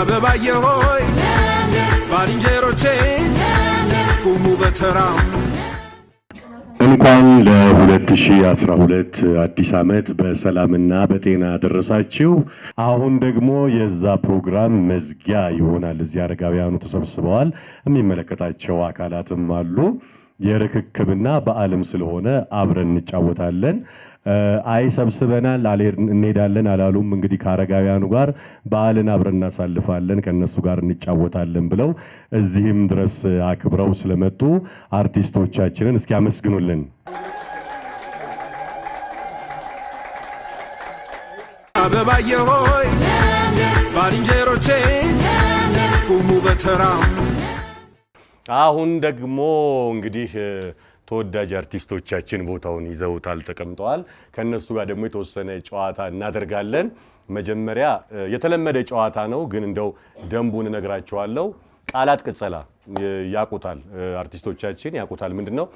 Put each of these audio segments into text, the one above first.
አበባዬ ሆይ ባልንጀሮቼ ቁሙ በተራ። እንኳን ለ2012 አዲስ ዓመት በሰላምና በጤና ደረሳችሁ። አሁን ደግሞ የዛ ፕሮግራም መዝጊያ ይሆናል። እዚህ አረጋውያኑ ተሰብስበዋል። የሚመለከታቸው አካላትም አሉ። የርክክብና በዓልም ስለሆነ አብረን እንጫወታለን። አይ ሰብስበናል እንሄዳለን አላሉም። እንግዲህ ከአረጋውያኑ ጋር በዓልን አብረን እናሳልፋለን ከእነሱ ጋር እንጫወታለን ብለው እዚህም ድረስ አክብረው ስለመጡ አርቲስቶቻችንን እስኪ አመስግኑልን። አበባዬ ሆይ ባልንጀሮቼ ቁሙ በተራ አሁን ደግሞ እንግዲህ ተወዳጅ አርቲስቶቻችን ቦታውን ይዘውታል፣ ተቀምጠዋል። ከእነሱ ጋር ደግሞ የተወሰነ ጨዋታ እናደርጋለን። መጀመሪያ የተለመደ ጨዋታ ነው፣ ግን እንደው ደንቡን እነግራቸዋለሁ። ቃላት ቅጸላ ያቁታል፣ አርቲስቶቻችን ያቁታል። ምንድን ነው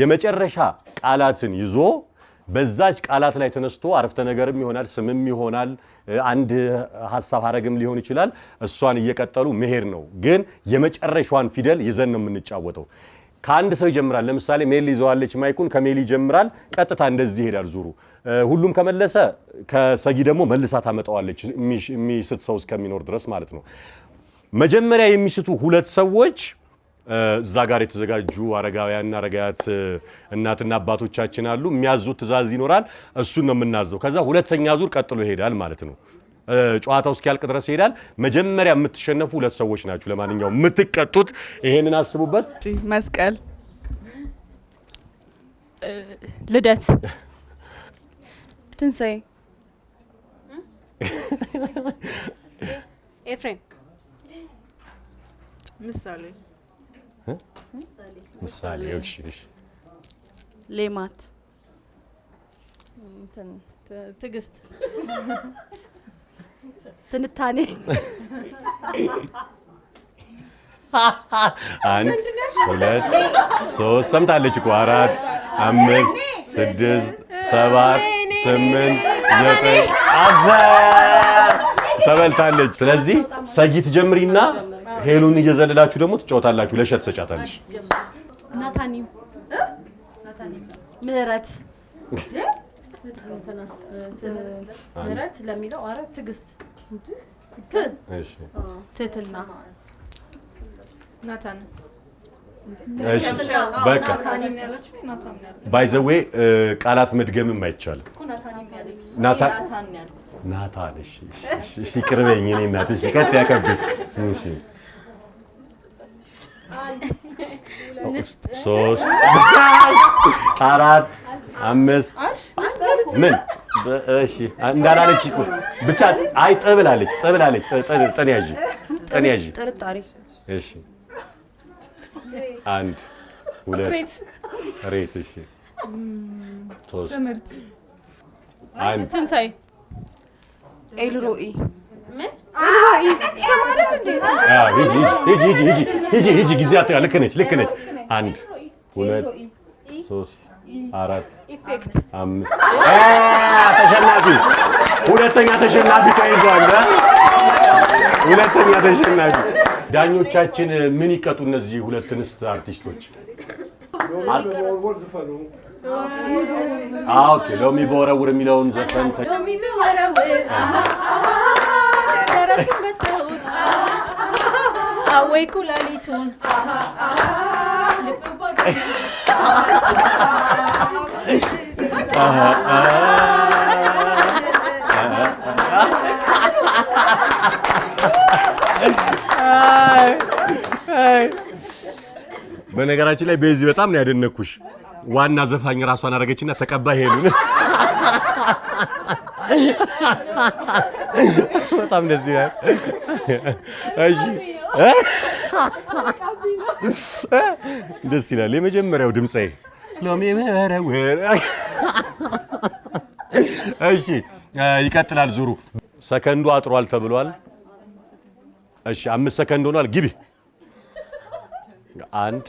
የመጨረሻ ቃላትን ይዞ በዛች ቃላት ላይ ተነስቶ አረፍተ ነገርም ይሆናል፣ ስምም ይሆናል፣ አንድ ሀሳብ ሀረግም ሊሆን ይችላል። እሷን እየቀጠሉ መሄድ ነው። ግን የመጨረሻዋን ፊደል ይዘን ነው የምንጫወተው። ከአንድ ሰው ይጀምራል። ለምሳሌ ሜል ይዘዋለች ማይኩን፣ ከሜል ይጀምራል። ቀጥታ እንደዚህ ይሄዳል ዙሩ። ሁሉም ከመለሰ ከሰጊ ደግሞ መልሳ ታመጣዋለች፣ የሚስት ሰው እስከሚኖር ድረስ ማለት ነው። መጀመሪያ የሚስቱ ሁለት ሰዎች እዛ ጋር የተዘጋጁ አረጋውያንና አረጋያት እናትና አባቶቻችን አሉ። የሚያዙት ትእዛዝ ይኖራል። እሱን ነው የምናዘው። ከዛ ሁለተኛ ዙር ቀጥሎ ይሄዳል ማለት ነው። ጨዋታው እስኪያልቅ ድረስ ይሄዳል። መጀመሪያ የምትሸነፉ ሁለት ሰዎች ናችሁ። ለማንኛውም የምትቀጡት ይሄንን አስቡበት። መስቀል፣ ልደት፣ ትንሳኤ፣ ኤፍሬም፣ ምሳሌ፣ ምሳሌ፣ ሌማት፣ ትዕግስት ትንታኔ አንድ ሁለት ሶስት ሰምታለች እኮ አራት አምስት ስድስት ሰባት ስምንት ዘጠኝ አዘ ተበልታለች። ስለዚህ ሰጊ ትጀምሪና ሄሉን እየዘለላችሁ ደግሞ ትጫወታላችሁ። ለሸት ትሰጫታለች። ናታኒ ምህረት ምህረት ለሚለው አራት ትዕግስት ትትና ናታን በቃ ባይዘዌ ቃላት መድገምም አይቻልም። ናታን ይቅርበኝ፣ እኔ እናት ቀጥ ያቀብል ሶስት አራት አምስት ምን እሺ እንዳላለች እኮ ብቻ አይ ጠብላለች ጠብላለች ጠንያዥ ጠንያዥ ጥርጣሬ እሺ አንድ ሁለት ሬት እሺ ሶስት ትምህርት አንድ ትንሳኤ ኤልሮኢ ሂጂ ሂጂ ጊዜ ልክ ነች ልክ ነች አንድ ሁለት ሶስት አራት ኢፌክት አምስት ተሸናፊ ሁለተኛ ተሸናፊ ተይዟል። ሁለተኛ ተሸናፊ ዳኞቻችን ምን ይቀጡ? እነዚህ ሁለት እንስት አርቲስቶች ኦኬ፣ ሎሚ በወረውር የሚለውን ዘፈን ወይ ኩላሊቱን በነገራችን ላይ በዚህ በጣም ነው ያደነኩሽ። ዋና ዘፋኝ ራሷን አደረገችና ተቀባይ ሄዱ። በጣም ደስ ይላል። እሺ ደስ ይላል። የመጀመሪያው ድምጼ እሺ፣ ይቀጥላል ዙሩ። ሰከንዱ አጥሯል ተብሏል። እሺ፣ አምስት ሰከንድ ሆኗል። ግቢ አንድ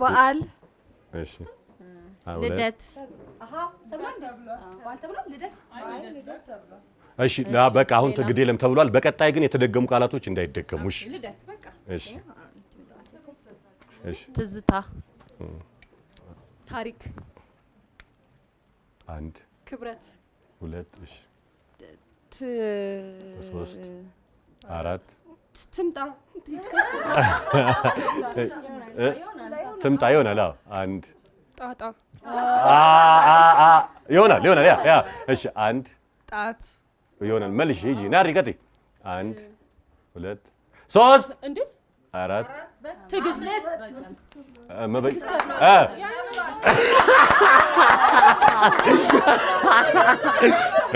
በዓል እሺ፣ ልደት እሺ፣ በቃ አሁን ግድ የለም ተብሏል። በቀጣይ ግን የተደገሙ ቃላቶች እንዳይደገሙሽ ትዝታ፣ ታሪክ፣ አንድ ክብረት፣ ሁለት ሶስት አራት ትምጣ ትምጣ ይሆናል። አንድ ጣጣ ይሆናል ይሆናል። ያ ያ እሺ፣ አንድ ጣት ይሆናል። መልሽ ሂጂ ናሪ ቀጥይ። አንድ ሁለት ሶስት አራት ትዕግስት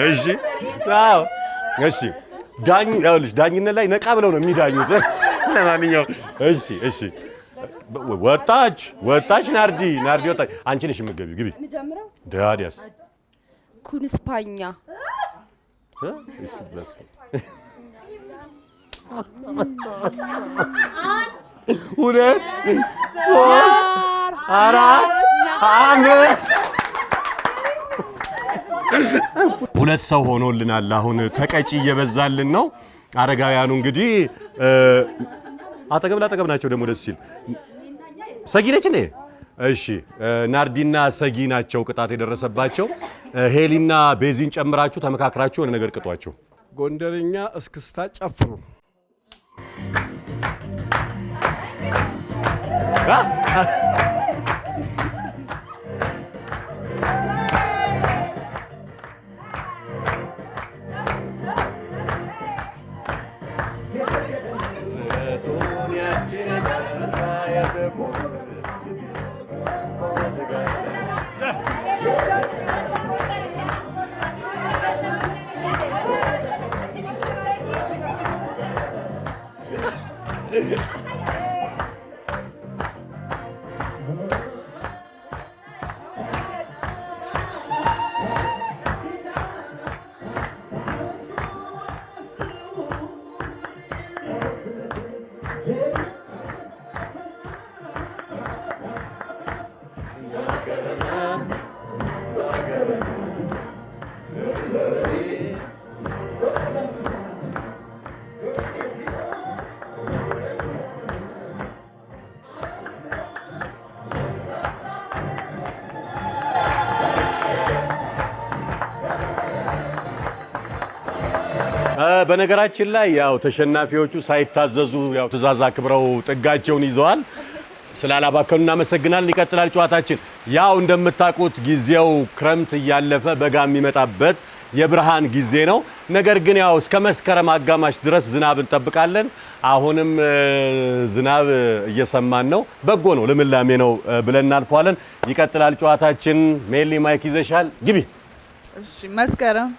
እሺ አዎ እሺ ዳኝ ይኸውልሽ ዳኝነት ላይ ነቃ ብለው ነው የሚዳኙት ለማንኛውም እሺ እሺ ወጣች ወጣች ናርዲ ናርዲ ወጣች አንቺ ነሽ የምትገቢው ግቢ ታዲያስ ኩንስፓኛ ሁለት ሶስት አራት አምስት ሁለት ሰው ሆኖልናል። አሁን ተቀጪ እየበዛልን ነው። አረጋውያኑ እንግዲህ አጠገብ ላጠገብ ናቸው። ደግሞ ደስ ሲል ሰጊ ነች እንዴ? እሺ ናርዲና ሰጊ ናቸው ቅጣት የደረሰባቸው። ሄሊና ቤዚን ጨምራችሁ ተመካክራችሁ የሆነ ነገር ቅጧቸው። ጎንደርኛ እስክስታ ጨፍሩ። 나가? 아, በነገራችን ላይ ያው ተሸናፊዎቹ ሳይታዘዙ ያው ትዕዛዝ አክብረው ጥጋቸውን ይዘዋል። ስላላባከኑ እናመሰግናለን። ይቀጥላል ጨዋታችን። ያው እንደምታውቁት ጊዜው ክረምት እያለፈ በጋ የሚመጣበት የብርሃን ጊዜ ነው። ነገር ግን ያው እስከ መስከረም አጋማሽ ድረስ ዝናብ እንጠብቃለን። አሁንም ዝናብ እየሰማን ነው። በጎ ነው፣ ልምላሜ ነው ብለን እናልፈዋለን። ይቀጥላል ጨዋታችን። ሜሊ ማይክ ይዘሻል፣ ግቢ። እሺ መስከረም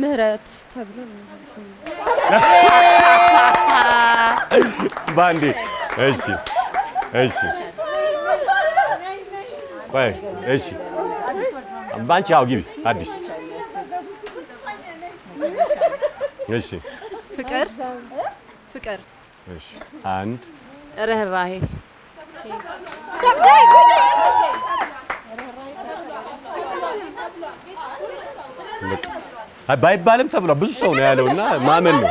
ምህረት ተብሎ ባንዴ። እሺ፣ እሺ፣ ቆይ፣ እሺ፣ ባንቺ አዎ፣ ግቢ አዲስ። እሺ፣ ፍቅር፣ ፍቅር፣ እሺ፣ አንድ ርህራሄ ልቅ ባይባልም ተብሎ ብዙ ሰው ነው ያለውና ማመን ነው።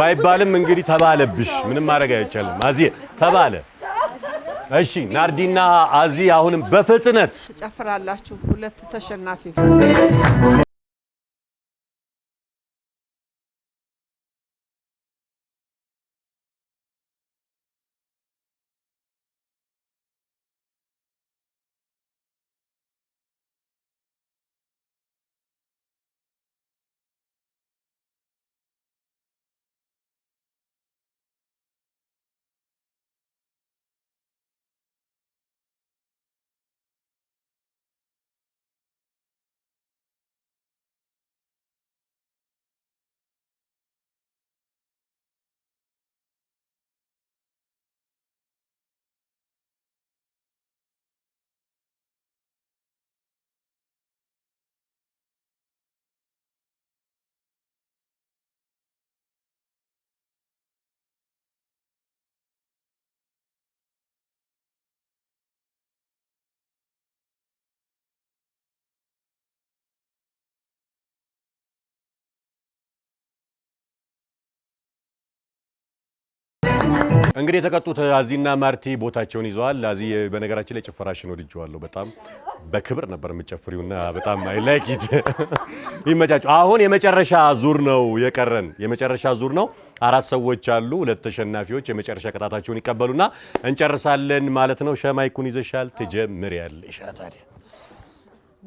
ባይባልም እንግዲህ ተባለብሽ፣ ምንም ማድረግ አይቻልም። አዚ ተባለ። እሺ ናርዲና አዚ አሁንም በፍጥነት ትጨፍራላችሁ ሁለት ተሸናፊ እንግዲህ የተቀጡት አዚና ማርቲ ቦታቸውን ይዘዋል። አዚ በነገራችን ላይ ጭፈራሽን ወድጀዋለሁ። በጣም በክብር ነበር የምጨፍሪውና በጣም አይ ላይክ ኢት። ይመቻችሁ። አሁን የመጨረሻ ዙር ነው የቀረን፣ የመጨረሻ ዙር ነው። አራት ሰዎች አሉ። ሁለት ተሸናፊዎች የመጨረሻ ቅጣታቸውን ይቀበሉና እንጨርሳለን ማለት ነው። ሸማይኩን ይዘሻል፣ ትጀምሪያለሽ። ታዲያ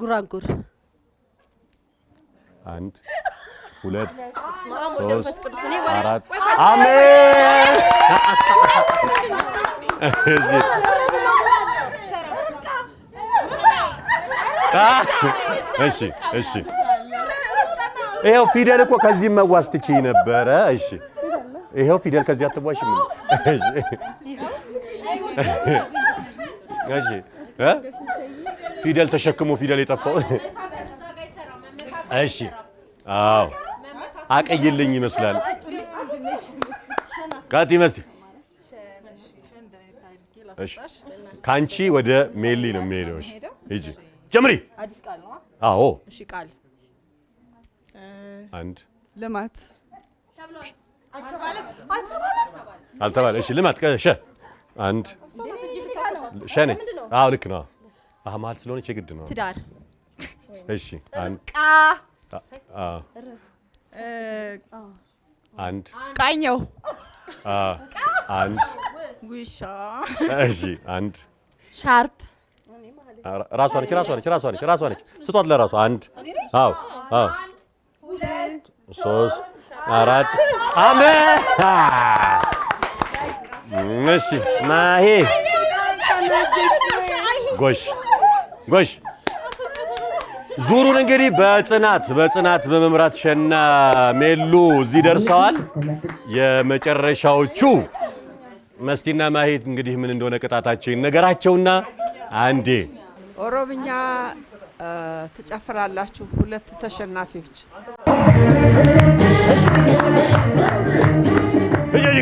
ጉራጉር አንድ ሁለት ሶስት አራት አሜን። እሺ እሺ፣ ይኸው ፊደል እኮ ከዚህ መዋስ ትችይ ነበረ። እሺ ይኸው ፊደል ከዚህ አትዋሽም። እሺ ፊደል ተሸክሞ ፊደል የጠፋው እሺ፣ አዎ አቀይልኝ ይመስላል ቀጥ ይመስል እሺ፣ ካንቺ ወደ ሜሊ ነው የሚሄደው። እሺ፣ ሂጂ ጀምሪ። አዲስ ቃል ነው። አዎ፣ እሺ። ቃል አንድ ልማት አልተባለ። እሺ፣ ልማት ሸ አንድ ሸ ነኝ። አዎ፣ ልክ ነው። አህ መሀል ስለሆነች የግድ ነው። ትዳር። እሺ፣ አንድ ቃ አንድ ቃኘው አንድ ጉሻ እሺ፣ አንድ ሻርፕ ራሷ ነች ራሷ ነች ራሷ ነች ራሷ ነች። ስጧት ለራሷ አንድ። አዎ አዎ፣ ሶስት አራት። አሜን። እሺ፣ ማሂ ጎሽ ጎሽ ዙሩን እንግዲህ በጽናት በጽናት በመምራት ሸና ሜሉ እዚህ ደርሰዋል። የመጨረሻዎቹ መስቲና ማሂት እንግዲህ ምን እንደሆነ ቅጣታቸው ነገራቸውና አንዴ ኦሮምኛ ትጨፍራላችሁ ሁለት ተሸናፊዎች እያ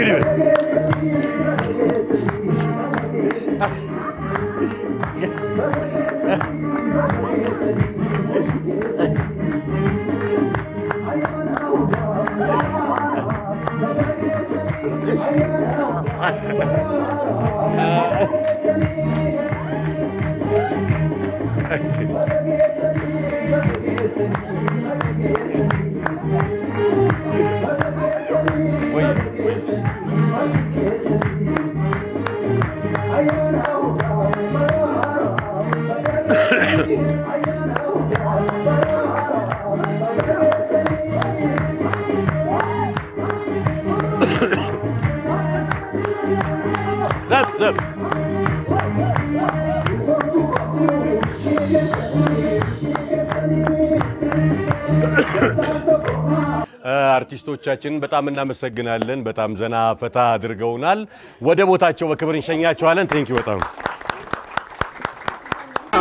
አርቲስቶቻችንን በጣም እናመሰግናለን። በጣም ዘና ፈታ አድርገውናል። ወደ ቦታቸው በክብር እንሸኛችኋለን። ቴንኪ በጣም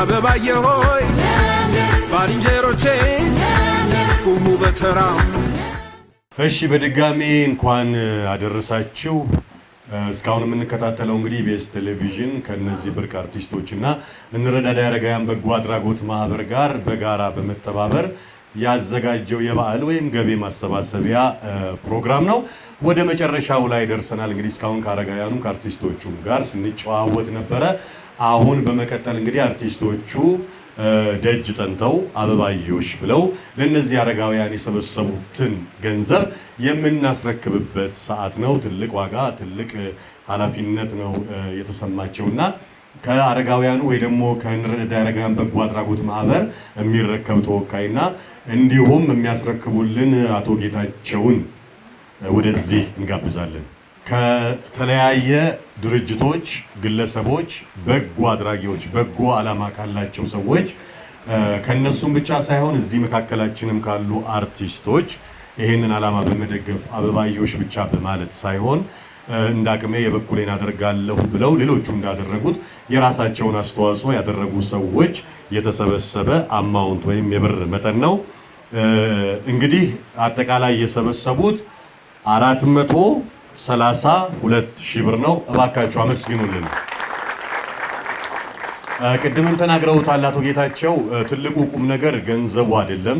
አበባዬ ሆይ ባልንጀሮቼ ቁሙ በተራ እሺ። በድጋሜ እንኳን አደረሳችሁ። እስካሁን የምንከታተለው እንግዲህ ኢቢኤስ ቴሌቪዥን ከነዚህ ብርቅ አርቲስቶች እና እንረዳዳ ያረጋውያን በጎ አድራጎት ማህበር ጋር በጋራ በመተባበር ያዘጋጀው የበዓል ወይም ገቢ ማሰባሰቢያ ፕሮግራም ነው። ወደ መጨረሻው ላይ ደርሰናል። እንግዲህ እስካሁን ከአረጋውያኑ ከአርቲስቶቹም ጋር ስንጨዋወት ነበረ። አሁን በመቀጠል እንግዲህ አርቲስቶቹ ደጅ ጠንተው አበባዮሽ ብለው ለእነዚህ አረጋውያን የሰበሰቡትን ገንዘብ የምናስረክብበት ሰዓት ነው። ትልቅ ዋጋ፣ ትልቅ ኃላፊነት ነው የተሰማቸውና ከአረጋውያኑ ወይ ደግሞ ከንረዳ አረጋውያን በጎ አድራጎት ማህበር የሚረከብ ተወካይና እንዲሁም የሚያስረክቡልን አቶ ጌታቸውን ወደዚህ እንጋብዛለን። ከተለያየ ድርጅቶች፣ ግለሰቦች፣ በጎ አድራጊዎች፣ በጎ ዓላማ ካላቸው ሰዎች ከነሱም ብቻ ሳይሆን እዚህ መካከላችንም ካሉ አርቲስቶች ይህንን ዓላማ በመደገፍ አበባዮች ብቻ በማለት ሳይሆን እንደ አቅሜ የበኩሌን አደርጋለሁ ብለው ሌሎቹ እንዳደረጉት የራሳቸውን አስተዋጽኦ ያደረጉ ሰዎች የተሰበሰበ አማውንት ወይም የብር መጠን ነው። እንግዲህ አጠቃላይ የሰበሰቡት አራት መቶ ሰላሳ ሁለት ብር ነው። እባካችሁ አመስግኑልን። ቅድምም ተናግረውታል አቶ ጌታቸው። ትልቁ ቁም ነገር ገንዘቡ አይደለም።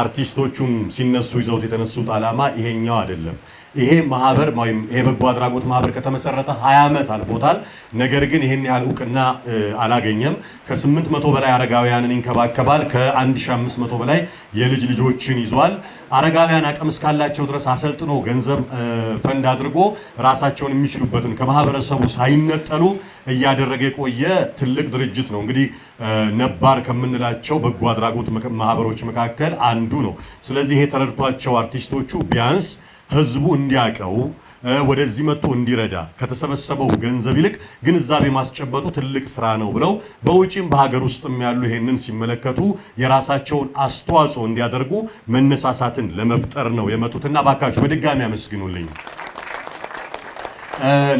አርቲስቶቹም ሲነሱ ይዘውት የተነሱት ዓላማ ይሄኛው አይደለም። ይሄ ማህበር ወይም በጎ አድራጎት ማህበር ከተመሰረተ 20 ዓመት አልፎታል። ነገር ግን ይህን ያህል እውቅና አላገኘም። ከ800 በላይ አረጋውያንን ይንከባከባል። ከ1500 በላይ የልጅ ልጆችን ይዟል። አረጋውያን አቅም እስካላቸው ድረስ አሰልጥኖ ገንዘብ ፈንድ አድርጎ ራሳቸውን የሚችሉበትን ከማህበረሰቡ ሳይነጠሉ እያደረገ የቆየ ትልቅ ድርጅት ነው። እንግዲህ ነባር ከምንላቸው በጎ አድራጎት ማህበሮች መካከል አንዱ ነው። ስለዚህ ይሄ ተረድቷቸው አርቲስቶቹ ቢያንስ ህዝቡ እንዲያቀው ወደዚህ መጥቶ እንዲረዳ ከተሰበሰበው ገንዘብ ይልቅ ግንዛቤ ማስጨበጡ ትልቅ ስራ ነው ብለው በውጪም በሀገር ውስጥም ያሉ ይሄንን ሲመለከቱ የራሳቸውን አስተዋጽኦ እንዲያደርጉ መነሳሳትን ለመፍጠር ነው የመጡትና ባካችሁ በድጋሚ አመስግኑልኝ።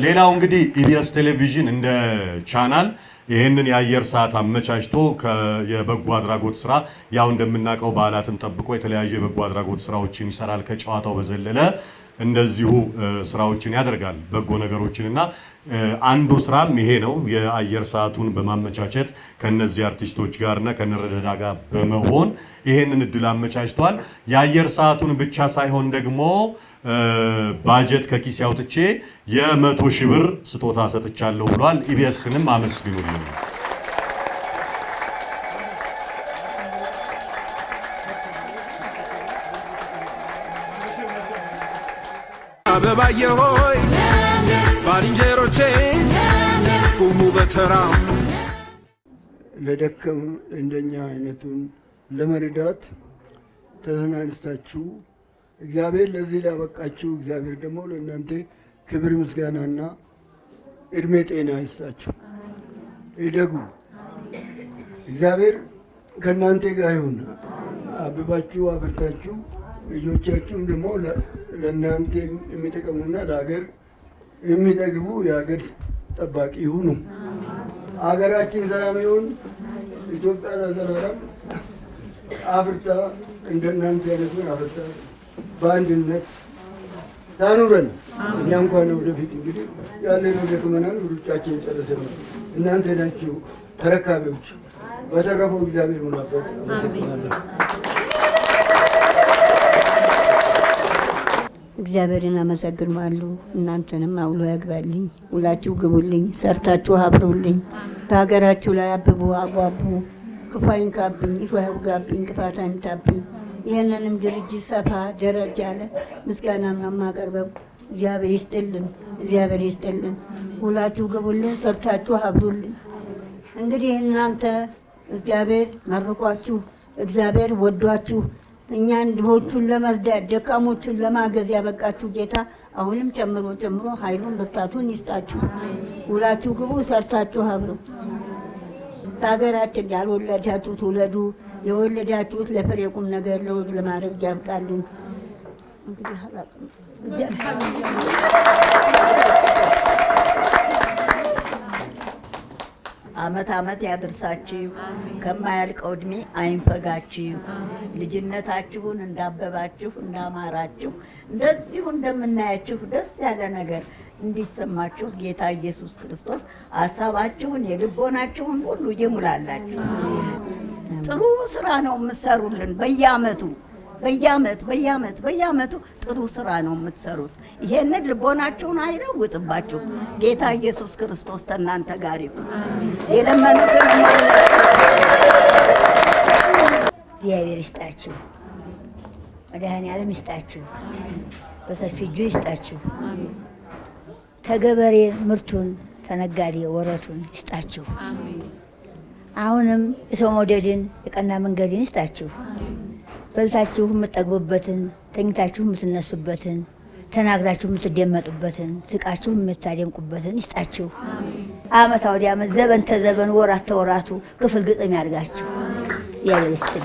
ሌላው እንግዲህ ኢቢኤስ ቴሌቪዥን እንደ ቻናል ይህንን የአየር ሰዓት አመቻችቶ የበጎ አድራጎት ስራ ያው እንደምናውቀው በዓላትን ጠብቆ የተለያዩ የበጎ አድራጎት ስራዎችን ይሰራል። ከጨዋታው በዘለለ እንደዚሁ ስራዎችን ያደርጋል በጎ ነገሮችን እና አንዱ ስራም ይሄ ነው። የአየር ሰዓቱን በማመቻቸት ከነዚህ አርቲስቶች ጋርና ከነረዳዳ ጋር በመሆን ይሄንን እድል አመቻችቷል። የአየር ሰዓቱን ብቻ ሳይሆን ደግሞ ባጀት ከኪስ ያውጥቼ የመቶ ሺህ ብር ስጦታ ሰጥቻለሁ ብሏል። ኢቢኤስንም አመስግኑልኝ። አበባየ ሆይ ባልንጀሮቼ ቁሙ በተራ ለደከም እንደኛ አይነቱን ለመርዳት ተዘናጅታችሁ እግዚአብሔር ለዚህ ላበቃችሁ እግዚአብሔር ደግሞ ለእናንተ ክብር ምስጋናና እድሜ ጤና ይስጣችሁ። ይደጉ። እግዚአብሔር ከእናንተ ጋር ይሁን። አብባችሁ አብርታችሁ ልጆቻችሁም ደግሞ ለእናንተ የሚጠቀሙና ለሀገር የሚጠግቡ የሀገር ጠባቂ ይሁኑ። ሀገራችን ሰላም ይሁን። ኢትዮጵያ ለዘላለም አፍርታ እናንተ አይነቱን አፍርታ በአንድነት ታኑረን። እኛ እንኳን ወደፊት እንግዲህ ያለን ደክመናል፣ ሩጫችን ጨርሰናል። እናንተ ናችሁ ተረካቢዎች። በተረፈው እግዚአብሔር ሙናበት አመሰግናለሁ። እግዚአብሔርን አመሰግናለሁ። እናንተንም አውሎ ያግባልኝ። ውላችሁ ግቡልኝ፣ ሰርታችሁ አብሩልኝ። በሀገራችሁ ላይ አብቡ አቧቡ። ክፉ አይንካብኝ፣ ክፋት አይምታብኝ። ይህንንም ድርጅት ሰፋ ደረጃ ያለ ምስጋናም ነው የማቀርበው። እግዚአብሔር ይስጥልን፣ እግዚአብሔር ይስጥልን። ሁላችሁ ግቡልን፣ ሰርታችሁ ሀብቱልን። እንግዲህ እናንተ እግዚአብሔር መርቋችሁ፣ እግዚአብሔር ወዷችሁ፣ እኛ ድሆቹን ለመርዳት ደካሞቹን ለማገዝ ያበቃችሁ ጌታ አሁንም ጨምሮ ጨምሮ ኃይሉን ብርታቱን ይስጣችሁ። ሁላችሁ ግቡ፣ ሰርታችሁ ሀብሉ። በሀገራችን ያልወለዳችሁ ትውለዱ። የወለዳችሁት ለፍሬ ቁም ነገር ለወግ ለማድረግ ያብቃልን። እንግዲህ አመት አመት ያድርሳችሁ፣ ከማያልቀው እድሜ አይንፈጋችሁ። ልጅነታችሁን እንዳበባችሁ እንዳማራችሁ፣ እንደዚሁ እንደምናያችሁ ደስ ያለ ነገር እንዲሰማችሁ ጌታ ኢየሱስ ክርስቶስ ሀሳባችሁን የልቦናችሁን ሁሉ ይሙላላችሁ። ጥሩ ስራ ነው የምትሰሩልን። በየአመቱ በየአመት በየአመት በየአመቱ ጥሩ ስራ ነው የምትሰሩት። ይሄንን ልቦናችሁን አይለውጥባችሁ። ጌታ ኢየሱስ ክርስቶስ ተናንተ ጋር ይሁን። የለመኑትን እግዚአብሔር ይስጣችሁ፣ አለም ይስጣችሁ፣ በሰፊ እጁ ይስጣችሁ። ተገበሬ ምርቱን ተነጋዴ ወረቱን ይስጣችሁ። አሁንም የሰው መውደድን የቀና መንገድን ይስጣችሁ። በልታችሁ የምትጠግቡበትን፣ ተኝታችሁ የምትነሱበትን፣ ተናግራችሁ የምትደመጡበትን፣ ስቃችሁ የምታደምቁበትን ይስጣችሁ። አመት ወደ አመት፣ ዘበን ተዘበን፣ ወራት ተወራቱ ክፍል ግጥም ያድርጋችሁ። እግዚአብሔር ይስጥል።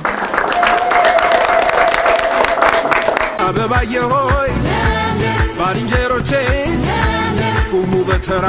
ሆይ ባልንጀሮቼ ቁሙ በተራ